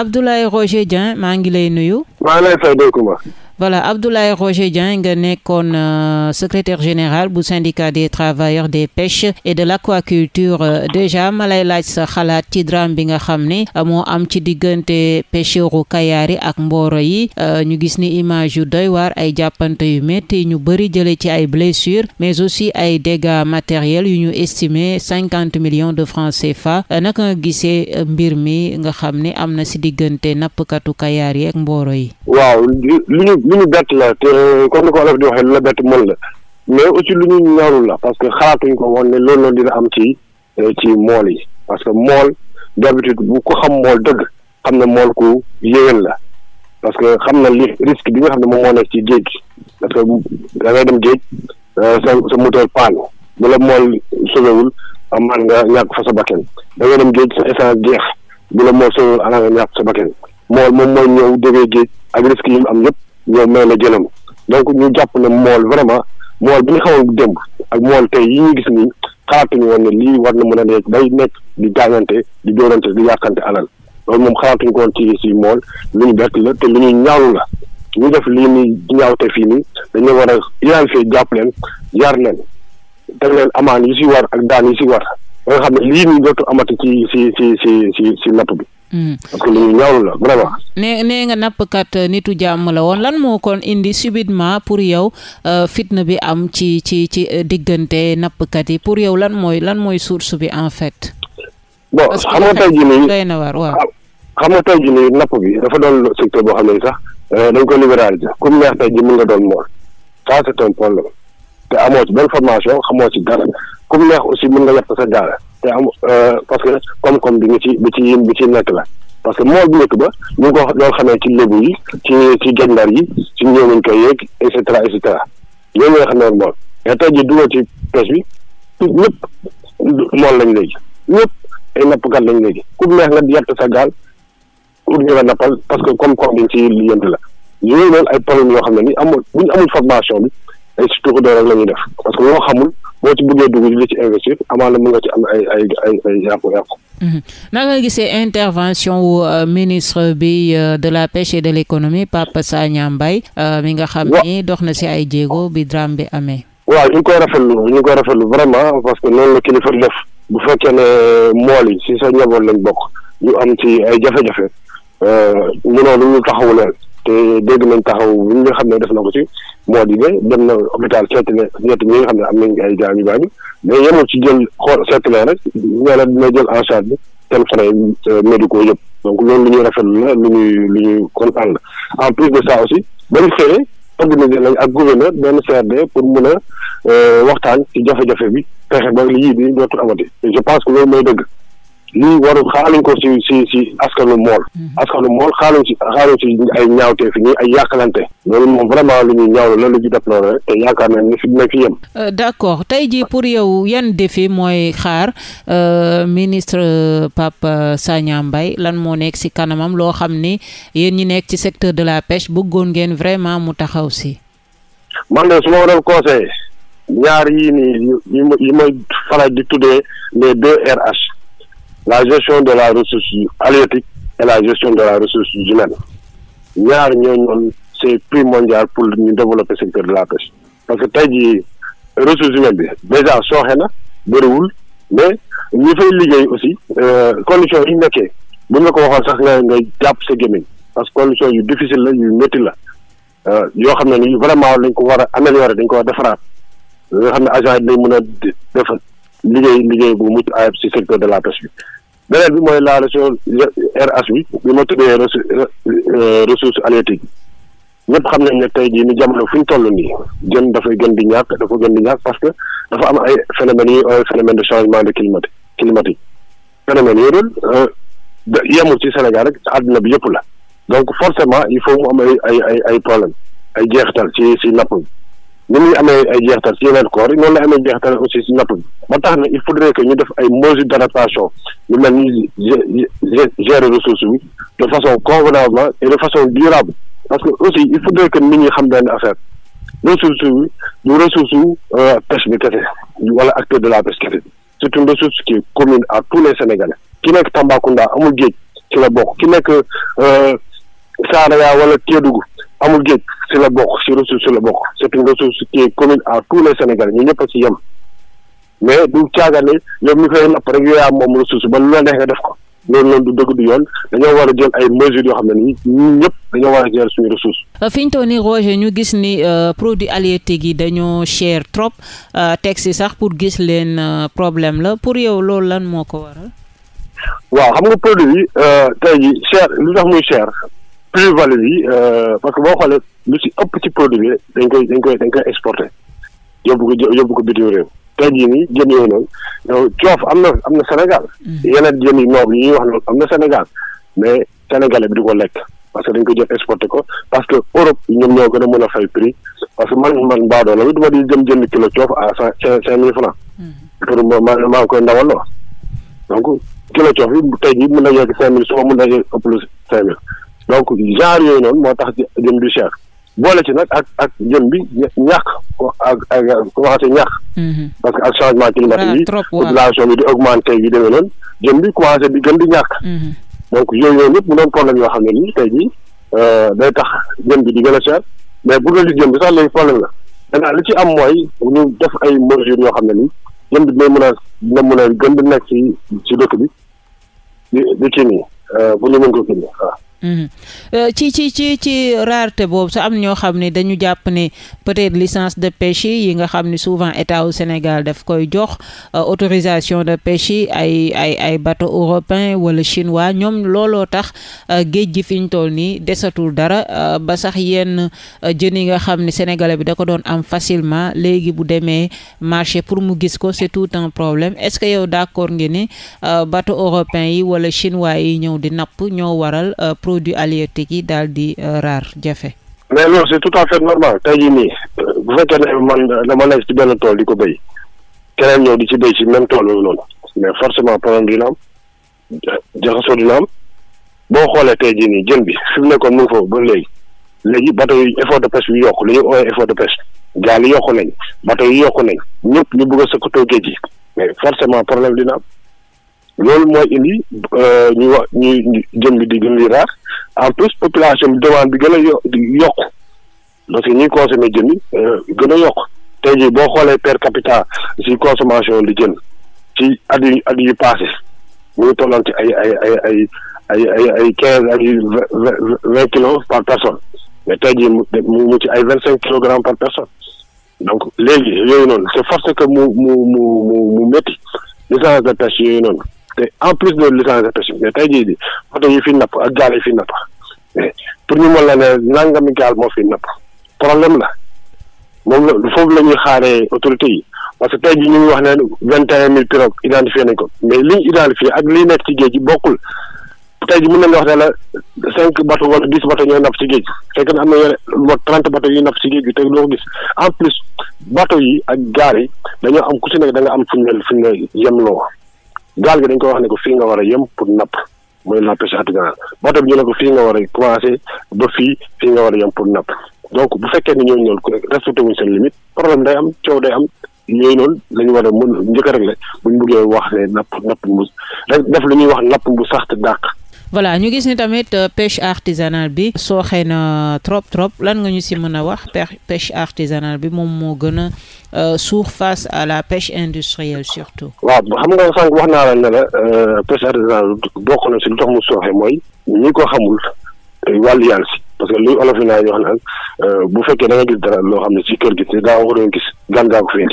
Abdoulaye Roger Dieng maa ngi lay nuyu. maa ngi lay fay voilà Abdoulaye Roger Dieng nga nekkoon euh, secrétaire général bu syndicat des travailleurs des pêches et de l'aquaculture euh, déjà ma lay laaj sa xalaat ci drame bi nga xam ne euh, moo am ci diggante pêcheuru Kayaari ak Mboro yi ñu gis ni image yu doy waar ay jàppante yu métti ñu bëri jële ci ay blessures mais aussi ay dégâts matériels yu ñu estime cinquante millions de francs CFA naka nga gisee mbir mi nga xam ni am na si diggante nappkatu Kayaar yi ak Mboro yi. lu ñu bett la te comme ni ko olof di waxee lu la bett mën la mais aussi lu ñu ñorul la parce que xalaatuñ ko woon ne loolu noonu dina am ci euh, ci mool yi parce que mool d'habitude bu ko xam mool dëgg xam ne mool ku yéwén la parce que xam na li risque bi nga xam ne moom moo nekk ci géej gi parce que da euh, sa sa moteur panne bu la mool sauvéwul amaan nga ñàkk fa sa bakken da ngay dem géej sa essence jeex bu la mool sauvéwul amaan ñàkk sa bakken mool moom mooy ñëw déggee géej ak risque yi mu am yëpp ñoom may la jëlamu donc ñu jàpp ne mool vraiment mool bi ñu xawoon démb ak mool tey yi ñu gis nii xalaatuñu woon ne lii war na mën a nekk day nekk di gaañante di dóorante di yàqante alal loolu moom xalaatuñu ko woon ci si mool lu ñu bett la te lu ñu ñaawlu la ñu def lii nii ñaawte fii nii dañu war a identifier jàpp leen yar leen teg leen amaan yi si war ak daan yi si war ba nga xam ne lii nii dootu amati ci si si si si si napp bi parce hmm. que li ñaawlu la vraiment. nee nee nga nappkat euh, nitu jàmm la woon lan moo kon indi subitement pour yow euh, fitna bi am ci ci ci euh, diggante nappkat yi pour yow lan mooy lan mooy source bi en fait. bon xam nga tey jii nii xam nga tey jii nii napp bi dafa doon secteur boo xam ne sax dañ ko libéraliser comme neex tey jii mën nga doon mool ça c'est un problème te amoo ci benn formation xamoo ci dara comme neex aussi mun nga yàq sa gaal. te am euh, parce que koom-koom bi nga ci bi ci bi ci nekk la parce que mool bu nekk ba ñu ngi ko doon xamee ci lébu yi ci ci gànnaar yi ci xam ne ñëpp mool lañ léegi lañ léegi ku neex nga yàtt sa gaal ut ñu la nappal parce bi ci yënt la yooyu noonu ay problème yoo xam ne ni amul bu ñu amul formation bi ay surtout doole rek la ñuy def parce que loo xamul. boo ci bëggee dugg di ci investir amaana mën nga ci am ay ay yàqu-yàqu. Mhm. na nga gisee intervention wu euh, ministre bi euh, de la pêche et de l' économie Pape Sagna Mbaye euh, mi nga xam ni dox na si ay jéego bi drame bi amee. waaw ñu ngi koy rafetlu ñu koy koy rafetlu vraiment parce que noonu la kilifa def bu fekkee ne mool yi si sa njaboot lañ bokk ñu am ci ay jafe-jafe mënoo lu ñu taxawu leen te dégg nañ taxaw li nga xam ne def na ko ci moo di ne dem na hôpital seeti ne ñett ñi xam ne am nañ ay gaañu gaañu mais yemul ci jël xool seeti leen rek ñaareel dina jël en charge bi seen frais médicaux yëpp donc loolu ñuy rafetlu la lu ñuy lu ñuy kontaan la en plus de ça aussi ba ñu xëyee organiser nañ ak gouverneur benn CRD pour mun a euh, waxtaan ci jafe-jafe bi fexe ba lii bi dootul amati je pense que loolu mooy dëgg. lii waru xaaluñ ko si si si askanu mool mhm. askanu mool xaaluñ si ay ñaawtee fi ñuy ay yàqalante loolu moom vraiment lu ñuy ñaawlu la lu ñu déploré te yaakaar nañ ne fi dina fi yem euh, d'accord tey jii pour yow yan défi mooy xaar euh, ministre Pape Sagna Mbaye lan moo nekk si kanamam loo xam ni yéen ñi nekk ci secteur de la pêche bëggoon ngeen vraiment mu taxaw si man de su ma doon ñaar yii nii yi ma yi di tuddee les deux RH la gestion de la ressource halieutique et la gestion de la ressource humaine ñaar ñoo ñoon c'est mondial pour ñu développer secteur de la pêche parce que tey jii ressource humaine bi déjà sooxe na bëriwul mais ñi fay liggéey aussi euh, conditions yi nekkee bu ñu la ko waxoon sax nga nga jàpp sa gémmiñ parce que conditions yu difficile la yu métti la euh, yoo xam ne ni vraiment lañ ko war a améliorer dañ ko war defaraat nga xam ne agent yi dañ mën a defal liggéey liggéey bu mucc ayib si secteur de la pêche bi beneen bi mooy la région RH bi bi euh, ñëpp xam nañ ne tey jii ni jamono fu ñu toll nii jën dafay gën di ñàkk dafa gën di ñàkk parce que dafa am ay phénomènes yi ay phénomène de changement de climat climatique phénomènes yooyu euh, doon yemul ci Sénégal rek àdduna bi yëpp la donc forcément il faut mu am ay ay ay ay problème ay jeexital ci ci napp ni muy amee ay jeexital ci yeneen koor yi noonu lay amee jeexital aussi ci napp bi ba tax na il faudrait que ñu def ay mesures d'adaptation yu mel ni gérer ressources bi de façon convenablement et de façon dirable parce que aussi il faudrait que nit ñuy xam benn affaire ressource bi du ressource euh, pêche bi kese wala acteur de la pêche kese c'est une ressource qui commune à tous les Sénégalais ki nekk Tambacounda amul géej ci la bokk ki nekk euh, Saraya wala Kédougou amul géej si la bokk si ressource la bokk c' est une ressource qui est commune à tous les Sénégalais ñu ñëpp a si yem mais du caagane yow mi koy napp rek yooyaa moom ressource ba lu la neex nga def ko loolu noonu du dëgg du yoon dañoo war a jël ay mesures yoo xam ne nii ñun ñëpp dañoo war a jël suñu ressource. Euh, fi ñu toll nii Roger ñu gis ni euh, produits halieutiques yi dañoo cher trop euh, teg si sax pour gis leen problème la pour yow loolu lan moo ko waral. waaw xam nga produit yi tey jii plus value yi euh, parce que boo xoolee lu ci ëpp ci produit bi dañ koy dañ koy dañ yóbbu ko bitim réew tey jii nii yooyu noonu coof am na Sénégal mhm. yeneen jën yi noob yi wax noonu am na Sénégal mais sénégalais bi du ko lekk parce que dañ koy jël exporté ko parce que Europe ñoom ñoo gën a mën a fay prix parce que man man la bi duma di jënd kilo coof à cent cinq mille francs mhm. pour ma maa koy ndawaloo donc kilo coof bi tey jii na yegg cinq mille suba mën na donc genre yooyu noonu moo tax jën bi cher boole si nag ak ak jën bi ñàkk ak ak commencé ñàkk. Mhm. parce que ak changement climatique ah, yi. population bi di augmenter yi demee noonu jën bi commencé di gën di ñàkk. Mhm. donc yooyu yooyu yëpp mu doon problème yoo xam ne nii tey jii euh, day tax jën bi di gën a cher mais bu dul jën bi sax léegi problème la maintenant li ci am mooy ñu def ay mesures yoo xam ne nii jën bi dina mën a dina mën a gën di nekk ci ci dëkk bi di di nii euh, bu ñu mën ko Mhm. Euh, ci ci ci ci rareté boobu sa am ñoo xam ne dañu jàpp ne peut-être licence de pêche yi nga xam ni souvent état au Sénégal daf koy jox euh, autorisation de pêche yi ay ay ay bateau européen wala chinois ñoom looloo tax euh, géej gi fi ñu toll nii desatul dara ba sax yenn jën yi nga xam ne sénégalais bi da ko doon am facilement léegi bu demee marché pour mu gis ko c'est tout problème est-ce que yow d'accord nga ni bateau européen wala chinois yi ñëw di napp ñoo waral. produits halieutiques yi daal di euh, raar jafe. mais loolu c'est tout à fait normal tey jii nii bu fekkee ne man dama nekk ci benn tool di ko béy keneen ñëw di ci béy ci même tool yooyu noonu mais forcément problème dina am jaxasoo dina boo xoolee tey jii nii jën bi fi mu nekkoon mu ngi foofu ba léegi léegi bateau yi effort de pêche bi yokku li ñuy ooyee effort de pêche gaal yi yokku nañ bateau yi yokku nañ ñëpp ñu bëgg a sëkkatoo géej gi mais forcément problème dina loolu mooy indi euh, ñu wax ñu jën bi di gën di raar en plus population bi demande bi gën a yo yokk parce que ñuy consommé jën yi euh, gën a yokk tey jii boo xoolee per capita si consommation di jën ci at yu at yu mu ngi ci ay ay ay ay ay ay ay quinze ak yu vingt kilos par mu mu ci ay vingt cinq kilogrammes par personne donc léegi yooyu noonu c'est forcé que mu mu mu mu métti licence de pêche yooyu noonu te en plus de licence de pêche mais tey jii di oto yi fi napp ak gaal yi fi napp mais pour ñu mën la ne nangami gaal moo fi napp problème la moom la foofu la ñuy xaaree autorités yi parce que tey jii ñu ngi wax ne vingt et un mille pirogues identifié nañ ko mais li ñu identifié ak li nekk ci géej gi bokkul tey jii mën nañu wax ne la cinq bateau wala dix bateau ñooy napp ci géej gi fekk na am na yeneen mot trente bateau yuy napp ci géej gi te doo ko gis en plus bateau yi ak gaal yi dañoo am ku da nga am fu ñu ñu leen yemloo gaal gi dañ ko wax ne ko fii nga war a yem pour napp mooy la pêche artisanale bato bi ñu ne ko fii nga war a commencé ba fii fii nga war a yem pour napp donc bu fekkee ne ñooñu noonu respecté wuñ seen limite problème day am coow day am yooyu noonu la ñu war a mën njëkk a réglé bu ñu bëggee wax ne napp napp mu def lu ñuy wax napp bu sax te dàq. voilà ñu gis ni tamit euh, pêche artisanale bi sooxee na trop trop lan nga ñu si mën a wax pêche artisanale bi moom moo gën a euh, suux face à la pêche industrielle surtout. waaw xam nga sànq wax naa la ne la euh, pêche artisanale bokk na si lu tax mu sooxee mooy ñi ko xamul wàllu yàlla si parce que luy olof yi naa yoo xam ne bu fekkee da nga gis dara loo xam ne si kër gi te daa waroon gis gan gaa ko fi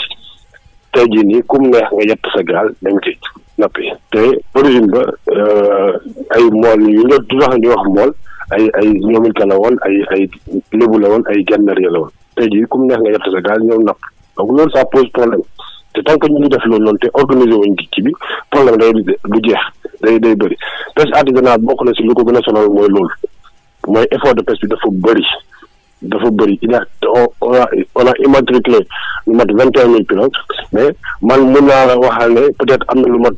tey jii ni kum neex nga yett sa gaal dem géej nappi te origine ba euh, ay mool yu ñu du tax ñu wax mool ay ay ñoomin ka la woon ay ay lébu la woon ay gànnaar ya la woon tey jii kum neex nga yett sa gaal ñëw napp donc loolu ça pose problème te tant que ñu ngi def loolu noonu te organiser wuñ ci bi problème day du jeex day day bëri pêche artisanale bokk na si lu ko gën a sonal mooy loolu mooy effort de pêche bi dafa bëri dafa bëri il y a on a immatriculé lu mat vingt et un mille pilotes mais man mun naa la waxal ne peut-être am na lu mat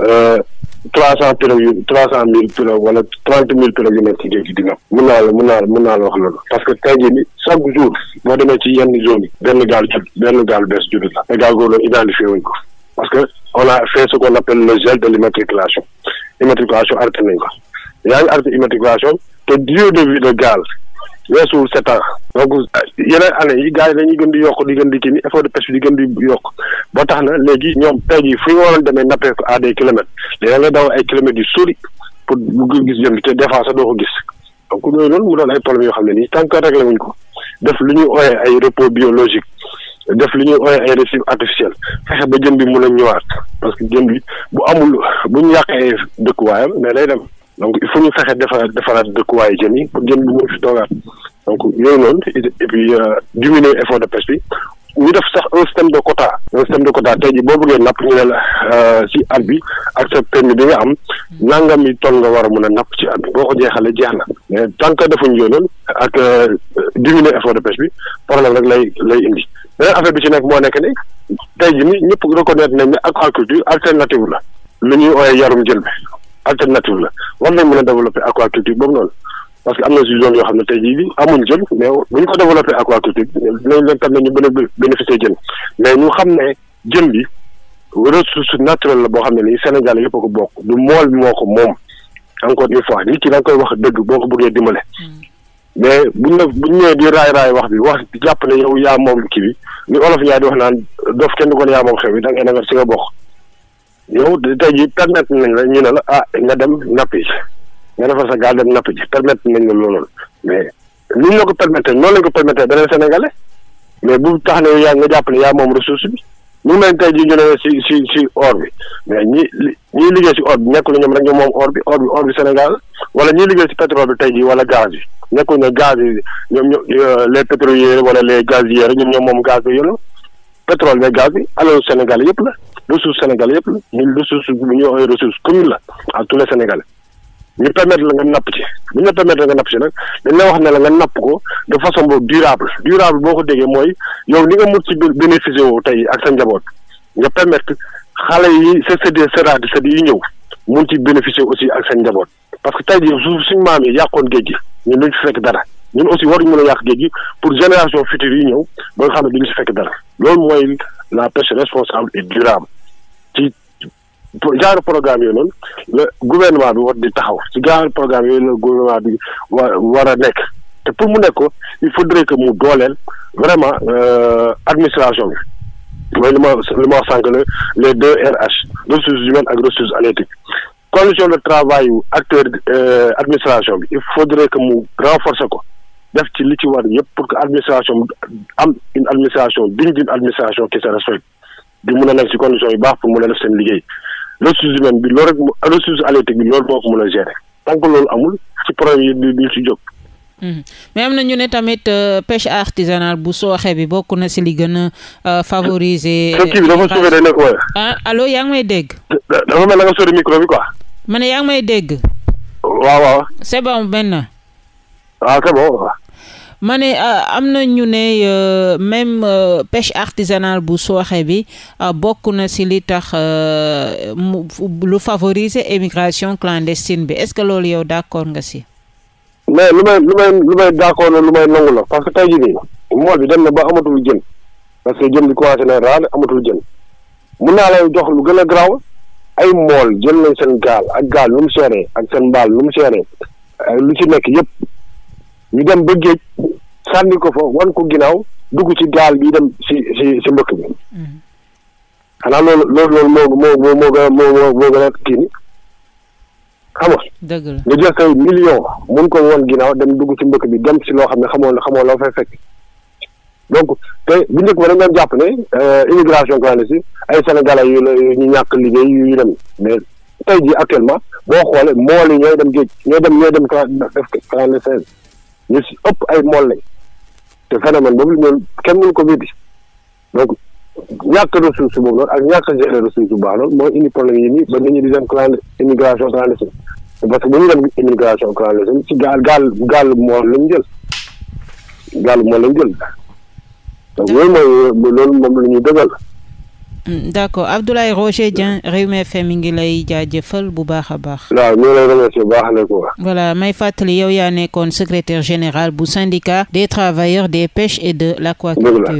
euh, trois cent pilotes yu trois cent mille pilotes wala trente mille pilotes yu nekk ci géej gi dina mun naa la mun naa la mun naa la wax loolu parce que tey jii nii chaque jour boo demee ci yenn zone yi benn gaal jub benn gaal bees jubit la te gaal googu identifié wuñ ko parce que on a fait ce qu'on appelle le gel de l'immatriculation immatriculation nañ ko yaa ngi arrêté immatriculation te weesuwul sept ans donc yeneen année yi gars yi dañuy gën di yokk di gën di kii ni effort de pêche bi di gën di yokk ba tax na léegi ñoom tey jii fu ñu demee nappee ko à des kilomètres léegi ay kilomètres yu sori pour bu gis jëm bi te des fois sax doo ko gis donc loolu noonu mu doon ay problème yoo xam ne nii tant que réglé ko def lu ñuy ooyee ay repos biologique def lu ñuy ooyee ay récifs artificiels fexe ba jën bi mun a ñëwaat parce que jën bi bu amul bu ñu yàqee dëkkuwaayam mais day dem. donc il faut ñu fexe defaraat defaraat dëkkuwaayu jën yi pour jën bu mu fi toogaat donc yooyu noonu et puis euh, diminuer effort de pêche bi ñu def sax un système de quota un système de quota tey ji boo bëggee napp ñu ne la euh, ci at bi ak sa permis bi nga am nangami ton nga war a mun a napp ci at bi boo ko jeexalee jeex na mais tant que defuñ yoonoon ak euh, diminuer effort de pêche bi problème rek lay lay indi beneen affaire bi ci nekk moo nekk ni tey ji ni ñëpp reconnaître nañ ne aquaculture alternative la lu ñuy ooyee yarum jën alternative la war nañ mën a développer aquaculture boobu noonu parce que am na si zone yoo xam ne tey jii bi amuñ jën mais bu ko développer aquaculture dinañ leen tam ne ñu a bénéficier jën mais ñu xam ne jën bi ressource naturelle la boo xam ne nii Sénégal yëpp a ko bokk du mool moo ko moom encore une fois nit ki da nga koy wax dëgg boo ko bëggee dimbale. Mm. mais buñ la buñ ñëwee di raay raay wax bi wax jàpp ne yow yaa moom kii bi ni olof yaa di wax naan yow tey jii permettre nañ la ñu ne la ah nga dem napp ji nga defar sa gaal dem napp ji permettre nañ la loolu mais ni ñu la ko permettre noonu lañ ko permettre beneen sénégalais mais bu tax ne yaa nga jàpp ne yaa moom ressource bi ñu mel tey ji ñu ne si si si or bi mais ñi ñiy liggéey si or bi nekkul ñoom rek ñu moom or bi or bi Sénégal wala ñu liggéey si pétrole bi tey jii wala gaz bi nekkul na gaz yi ñoom ñoo euh, les pétroliers wala les gaziers ñoom ñoom moom gaz bi yëlo pétrole bi gaz bi alalu Sénégal yëpp la ressource Sénégal yëpp la ñun ressource bu ñuy waxee ressource commune la à tous les Sénégalais ñu permettre la nga napp ci bu ñu la permettre la nga napp ci nag dañ la wax ne la nga napp ko de façon boobu durable durable boo ko déggee mooy yow li nga mën ci bénéficier woo tey ak sa njaboot nga permettre xaale yi sa sëdd sëraat di sëdd yi ñëw mun ci bénéficier aussi ak seen njaboot parce que tey jii suñ maam yi yàqoon géej gi ñun duñ fi fekk dara. ñun aussi war waruñu mën a yàq géej gi pour génération future yi ñëw ba nga xam ne duñu si fekk dara loolu mooy la pêche responsable et durable ci genre programme yooyu noonu la gouvernement bi war di taxaw ci genre programme yooyu la gouvernement bi war a nekk te pour mu nekk ko il faudrait que mu dooleel vraiment euh, administration bi mooy li ma li ma wax sànq la les deux RH ressources humaines ak ressources halieutiques condition de travail yu acteur euh, administration bi il faudrait que mu renforcer ko def ci li ci war yëpp pour que administration am une administration digne d'une administration qui se respecte di mun a nekk ci condition yu baax pour mun a def seen liggéey ressource humaine bi loolu rek ressource halieutique bi loolu moo ko mun a gérer tant que loolu amul ci problème yi du du ci jóg. mais am na ñu ne tamit euh, pêche artisanale bu sooxe bi bokk na si li gën a euh, favoriser. kii bi dafa sooxe day nekk wala. ah allo yaa ngi may dégg. dafa mel na nga ma ne yaa ngi may dégg. waaw ma ne euh, am na ñu ne euh, même euh, pêche artisanale bu sooxee bi bokk na si li tax lu favoriser émigration clandestine bi est-ce que loolu yow d'accord nga si mais lu may lu may lu may d'accord na lu may nangu la parce que tey jii mool bi dem na ba amatul jën parce que jën bi commencé na raale amatul jën mun naa lay jox lu gën a garaaw ay mool jël nañ seen gaal ak gaal lu mu seeree ak seen mbaal lu mu seeree lu ci nekk yëpp. ñu dem ba géej sànni ko fa wan ko ginnaaw dugg ci gaal bi dem si si mbëkk bi xanaa loolu loolu loolu moo moo moo moo moo moo gën a kii xam nga. dëgg la nga jël say million mun ko woon ginnaaw dem dugg ci mbëkk bi dem si loo xam ne xamoo xamoo loo fay fekk donc te bu njëkk ba dañ doon jàpp ne euh, immigration clandestine ay sénégalais yu la ñu ñàkk liggéey yu dem mais tey jii actuellement boo xoolee mool yi ñooy dem géej ñooy dem ñooy dem def clandestine ñu si ëpp ay mool lañ te phénomène boobu ñoom kenn mënu ko weddi donc ñàkk ressource boobu noonu ak ñàkk gérer ressource bu baax loolu mooy indi problème yi nii ba nit ñi di dem clan immigration clandestine parce que bu ñu dem immigration clandestine si gaal gaal gaal mool lañ jël gaal mool lañ jël donc loolu mooy loolu moom la ñuy dëggal Mm, d' accord Abdoulaye Roger Dieng Rewmi FM mi ngi lay jaajëfal bu baax a baax. waaw ñu lay remercier baax la quoi. voilà may fàttali yow yaa nekkoon secretaire général bu syndicat des travailleurs des pêches et de l' aquaculture.